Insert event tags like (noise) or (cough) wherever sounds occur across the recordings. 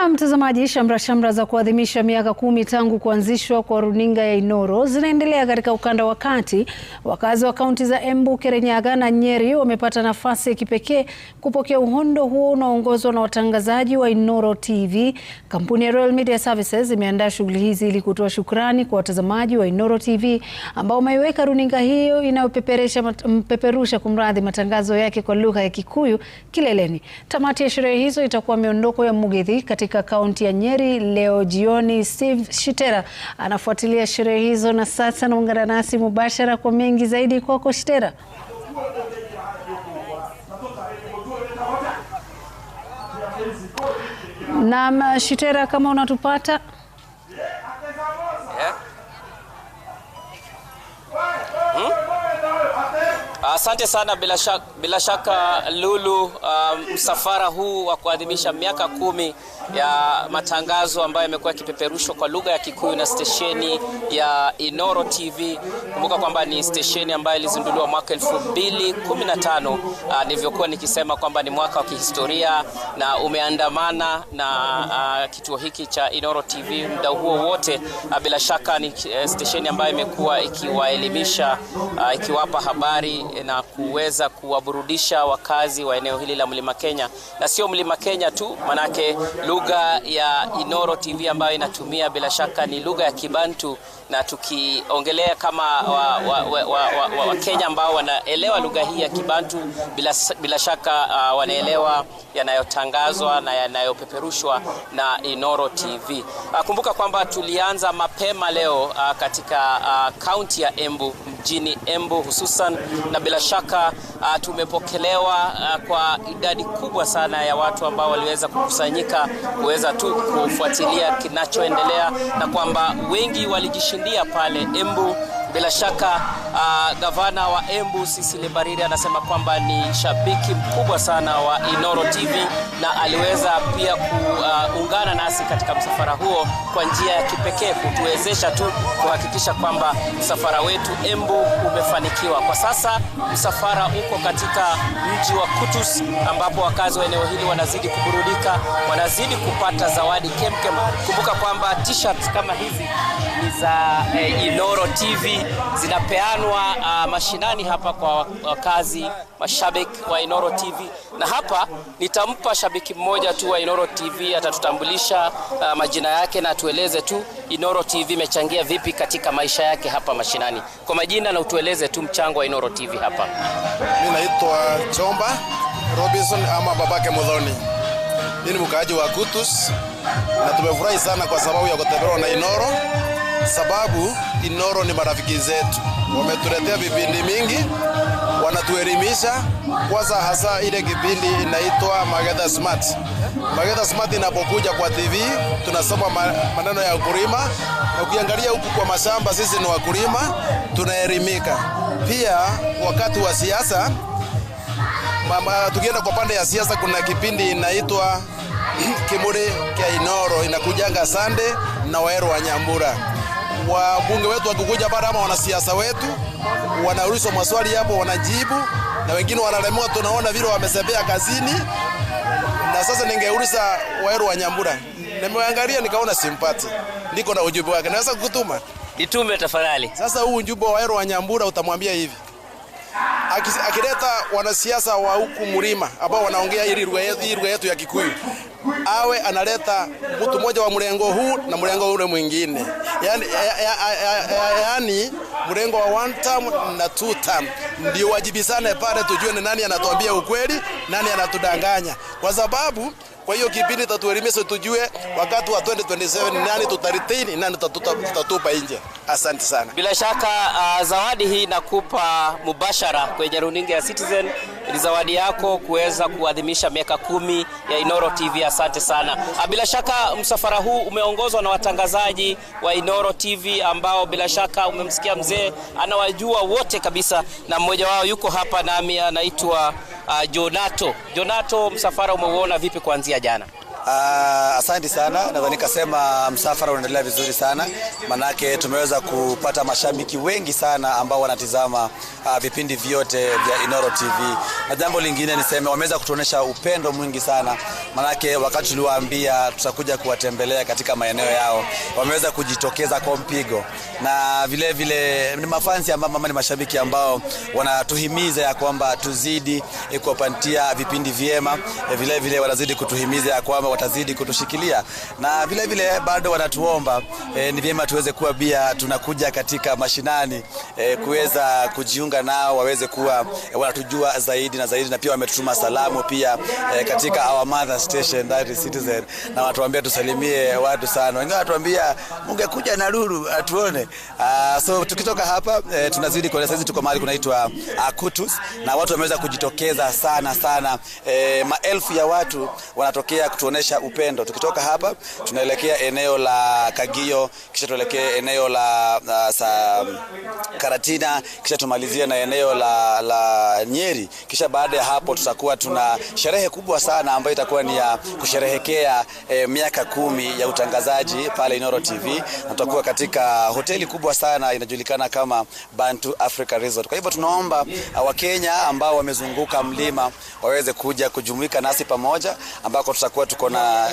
Na mtazamaji, shamra shamra za kuadhimisha miaka kumi tangu kuanzishwa kwa runinga ya Inooro zinaendelea katika ukanda wa kati. Wakazi wa kaunti za Embu, Kirinyaga na Nyeri wamepata nafasi ya kipekee kupokea uhondo huo unaoongozwa na watangazaji wa Inooro TV. Kampuni ya Royal Media Services imeandaa shughuli hizi ili kutoa shukrani kwa watazamaji wa Inooro TV ambao wameiweka runinga hiyo inayopeperusha mpeperusha kumradhi, matangazo yake kwa lugha ya Kikuyu kileleni. Tamati ya sherehe hizo itakuwa miondoko ya Mugithi katika katika kaunti ya Nyeri leo jioni. Steve Shitera anafuatilia sherehe hizo na sasa anaungana nasi mubashara kwa mengi zaidi. Kwako Shitera. Naam, Shitera, kama unatupata Asante sana bila shaka, bila shaka Lulu, um, msafara um, huu wa kuadhimisha miaka kumi ya matangazo ambayo yamekuwa yakipeperushwa kwa lugha ya Kikuyu na stesheni ya Inoro TV. Kumbuka kwamba ni stesheni ambayo ilizinduliwa mwaka 2015 uh, ah, nilivyokuwa nikisema kwamba ni mwaka wa kihistoria na umeandamana na uh, kituo hiki cha Inoro TV muda huo wote. Uh, bila shaka ni eh, stesheni ambayo imekuwa ikiwaelimisha uh, ikiwapa habari na kuweza kuwaburudisha wakazi wa eneo hili la Mlima Kenya, na sio Mlima Kenya tu, manake lugha ya Inoro TV ambayo inatumia bila shaka ni lugha ya Kibantu, na tukiongelea kama Wakenya wa, wa, wa, wa, wa ambao wanaelewa lugha hii ya Kibantu bila, bila shaka uh, wanaelewa yanayotangazwa na yanayopeperushwa na Inoro TV. Uh, kumbuka kwamba tulianza mapema leo uh, katika uh, kaunti uh, ya Embu jijini Embu hususan, na bila shaka uh, tumepokelewa uh, kwa idadi kubwa sana ya watu ambao waliweza kukusanyika kuweza tu kufuatilia kinachoendelea na kwamba wengi walijishindia pale Embu. Bila shaka uh, gavana wa Embu Cecily Mbarire anasema kwamba ni shabiki mkubwa sana wa Inoro TV na aliweza pia kuungana uh, nasi katika msafara huo kwa njia ya kipekee kutuwezesha tu kuhakikisha kwamba msafara wetu Embu umefanikiwa. Kwa sasa msafara uko katika mji wa Kutus ambapo wakazi wa eneo hili wanazidi kuburudika, wanazidi kupata zawadi kemkem. Kumbuka kwamba t-shirts kama hizi ni za eh, Inoro TV zinapeanwa uh, mashinani hapa kwa wakazi mashabiki wa Inoro TV, na hapa nitampa shabiki mmoja tu wa Inoro TV atatutambulisha uh, majina yake na tueleze tu Inoro TV imechangia vipi katika maisha yake hapa mashinani. Kwa majina na utueleze tu mchango wa Inoro TV hapa. Mimi naitwa Chomba Robinson ama babake Mudhoni. Mimi ni mkaaji wa Kutus na tumefurahi sana kwa sababu ya kutembelewa na Inoro sababu Inoro ni marafiki zetu, wametuletea vipindi mingi, wanatuelimisha kwanza, hasa ile kipindi inaitwa Magetha Smart. Magetha Smart inapokuja kwa TV tunasoma maneno ya ukulima, na ukiangalia huku kwa mashamba, sisi ni wakulima, tunaelimika pia. Wakati wa siasa, tukienda kwa pande ya siasa, kuna kipindi inaitwa (clears throat) Kimuri kya Inoro, inakujanga Sande na Waero wa Nyambura wabunge wetu wakikuja pale ama wanasiasa wetu wanaulizwa maswali hapo wanajibu, na wengine wanalemewa, tunaona vile wamesembea kazini. Na sasa ningeuliza Waweru wa Nyambura, nimeangalia nikaona simpati, niko na ujumbe wake, naweza kukutuma itume tafadhali. Sasa huu ujumbe wa Waweru wa Nyambura utamwambia hivi akileta wanasiasa wa huku mlima ambao wanaongea ili lugha yetu ya Kikuyu awe analeta mtu mmoja wa mrengo huu na mrengo ule mwingine, yani, yani mrengo wa one term na two term, ndio wajibisane pale, tujue ni nani anatuambia ukweli, nani anatudanganya, kwa sababu kwa hiyo kipindi tatuelimisha, tujue wakati wa 2027 nani tutaritini nani tutatupa nje. Asante sana. Bila shaka uh, zawadi hii nakupa mubashara kwenye runinga ya Citizen ni zawadi yako kuweza kuadhimisha miaka kumi ya Inoro TV. Asante sana. Ah, bila shaka msafara huu umeongozwa na watangazaji wa Inoro TV ambao bila shaka umemsikia mzee, anawajua wote kabisa, na mmoja wao yuko hapa nami, anaitwa uh, Jonato. Jonato, msafara umeuona vipi kuanzia jana? Uh, asante sana, nadhani kasema msafara unaendelea vizuri sana manake tumeweza kupata mashabiki wengi sana ambao wanatizama uh, vipindi vyote vya Inoro TV, na jambo lingine niseme, wameweza kutuonesha upendo mwingi sana manake wakati tuliwaambia tutakuja kuwatembelea katika maeneo yao, wameweza kujitokeza kwa mpigo, na vile vile ni mafansi ambao mama, ni mashabiki ambao wanatuhimiza ya kwamba tuzidi eh, kuwapatia vipindi vyema, eh, vile vile wanazidi kutuhimiza ya kwamba watazidi kutushikilia na vile vile bado wanatuomba e, ni vyema tuweze kuwa bia tunakuja katika mashinani e, kuweza kujiunga nao waweze kuwa e, wanatujua zaidi na zaidi, na pia wametutuma salamu pia e, katika our mother station that is Citizen, na watuambia tusalimie watu sana. Wengine watuambia mungekuja na lulu atuone. Uh, so tukitoka hapa e, tunazidi kwa Sasa tuko mahali kunaitwa Akutus ah, na watu wameweza kujitokeza sana sana, e, maelfu ya watu wanatokea kutuonesha kuonyesha upendo. Tukitoka hapa tunaelekea eneo la Kagio, kisha tuelekee eneo la uh, sa, Karatina, kisha tumalizie na eneo la, la Nyeri. Kisha baada ya hapo tutakuwa tuna sherehe kubwa sana ambayo itakuwa ni ya kusherehekea eh, miaka kumi ya utangazaji pale Inoro TV, na tutakuwa katika hoteli kubwa sana inajulikana kama Bantu Africa Resort. Kwa hivyo tunaomba uh, Wakenya ambao wamezunguka mlima waweze kuja kujumuika nasi pamoja ambako tutakuwa tuko na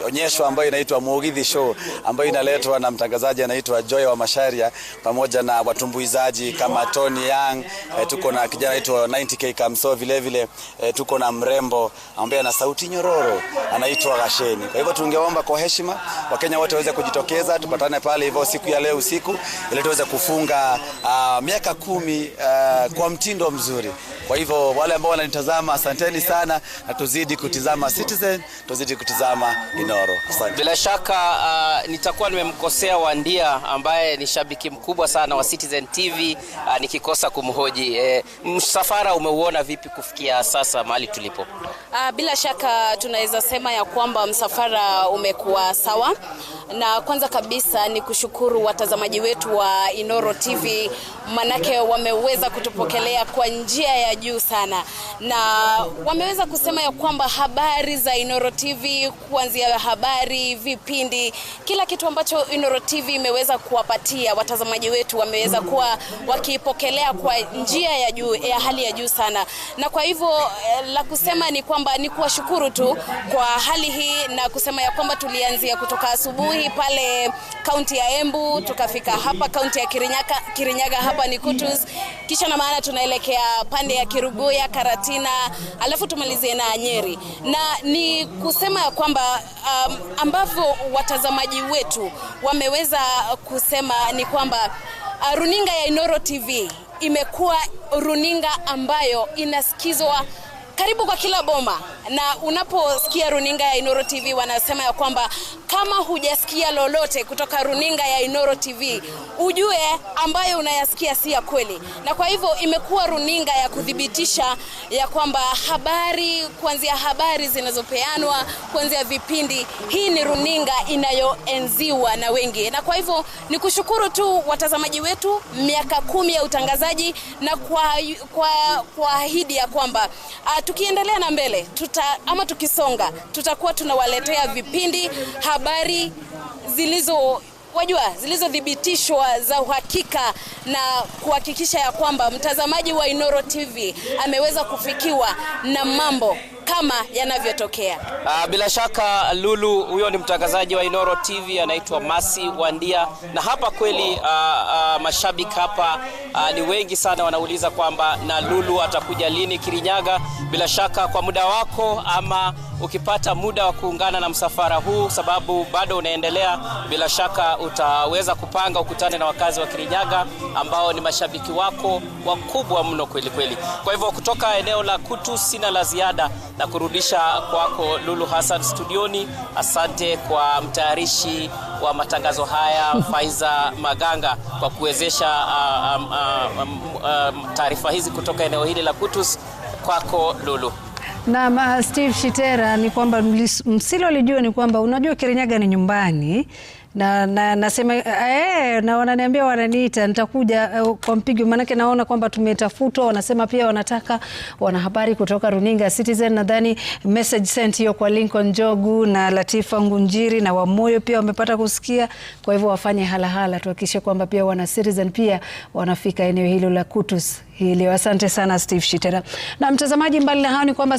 uh, onyesho ambayo inaitwa Mugithi Show ambayo inaletwa na mtangazaji anaitwa Joy wa Masharia pamoja na watumbuizaji kama Tony Young. E, tuko na kijana anaitwa 90k Kamso vile vile. E, tuko na mrembo ambaye ana sauti nyororo anaitwa Gasheni. Kwa hivyo tungeomba kwa heshima Wakenya wote waweze kujitokeza, tupatane pale hivyo siku ya leo usiku ili tuweze kufunga uh, miaka kumi uh, kwa mtindo mzuri. Kwa hivyo wale ambao wananitazama, asanteni sana, na tuzidi kutizama Citizen, tuzidi kutizama Inoro. Asante. Bila shaka uh, nitakuwa nimemkosea Wandia ambaye ni shabiki mkubwa sana wa Citizen TV uh, nikikosa kumhoji eh, msafara umeuona vipi kufikia sasa mahali tulipo? Uh, bila shaka tunaweza sema ya kwamba msafara umekuwa sawa, na kwanza kabisa ni kushukuru watazamaji wetu wa Inoro TV, manake wameweza kutupokelea kwa njia ya juu sana, na wameweza kusema ya kwamba habari za Inoro TV kuanzia habari, vipindi, kila kitu ambacho Inoro TV imeweza kuwapatia watazamaji wetu wameweza kuwa wakipokelea kwa njia ya juu ya hali ya juu sana, na kwa hivyo eh, la kusema ni kwamba ni kuwashukuru tu kwa hali hii na kusema ya kwamba tulianzia kutoka asubuhi pale kaunti ya Embu tukafika hapa kaunti ya Kirinyaga, Kirinyaga hapa ni Kutus, kisha na maana tunaelekea pande ya Kiruguya, Karatina, alafu tumalizie na Nyeri, na ni kusema ya kwamba um, ambavyo watazamaji wetu wameweza kusema ni kwamba uh, runinga ya inoro TV imekuwa runinga ambayo inasikizwa karibu kwa kila boma na unaposikia runinga ya Inoro TV wanasema ya kwamba kama hujasikia lolote kutoka runinga ya Inoro TV ujue ambayo unayasikia si ya kweli, na kwa hivyo imekuwa runinga ya kuthibitisha ya kwamba habari, kuanzia habari zinazopeanwa, kuanzia vipindi, hii ni runinga inayoenziwa na wengi, na kwa hivyo ni kushukuru tu watazamaji wetu miaka kumi ya utangazaji na kwa, kwa, kwa ahidi ya kwamba ah, tukiendelea na mbele tuta tuta, ama tukisonga tutakuwa tunawaletea vipindi habari zilizo wajua zilizothibitishwa za uhakika na kuhakikisha ya kwamba mtazamaji wa Inoro TV ameweza kufikiwa na mambo kama yanavyotokea. Ah, bila shaka Lulu, huyo ni mtangazaji wa Inoro TV anaitwa Masi Wandia, na hapa kweli uh, uh, mashabiki hapa uh, ni wengi sana, wanauliza kwamba na Lulu atakuja lini Kirinyaga. Bila shaka kwa muda wako ama ukipata muda wa kuungana na msafara huu, sababu bado unaendelea, bila shaka utaweza kupanga ukutane na wakazi wa Kirinyaga ambao ni mashabiki wako wakubwa mno kweli kweli. Kwa hivyo kutoka eneo la Kutu sina la ziada na kurudisha kwako Lulu Hassan studioni. Asante kwa mtayarishi wa matangazo haya (laughs) Faiza Maganga kwa kuwezesha uh, um, uh, uh, uh, taarifa hizi kutoka eneo hili la Kutus. Kwako Lulu. Naam, uh, Steve Shitera, ni kwamba msilolijua ni kwamba unajua Kirinyaga ni nyumbani na, na nasema eh, na wananiambia wananiita, nitakuja eh, kwa mpigo, maanake naona kwamba tumetafutwa. Wanasema pia wanataka wanahabari kutoka runinga Citizen, nadhani message sent hiyo kwa Lincoln Njogu na Latifa Ngunjiri na Wamoyo pia wamepata kusikia. Kwa hivyo wafanye halahala, tuhakikishe kwamba pia wana Citizen pia wanafika eneo hilo la Kutus hii leo. Asante sana Steve Shitera. Na mtazamaji, mbali na hao ni kwamba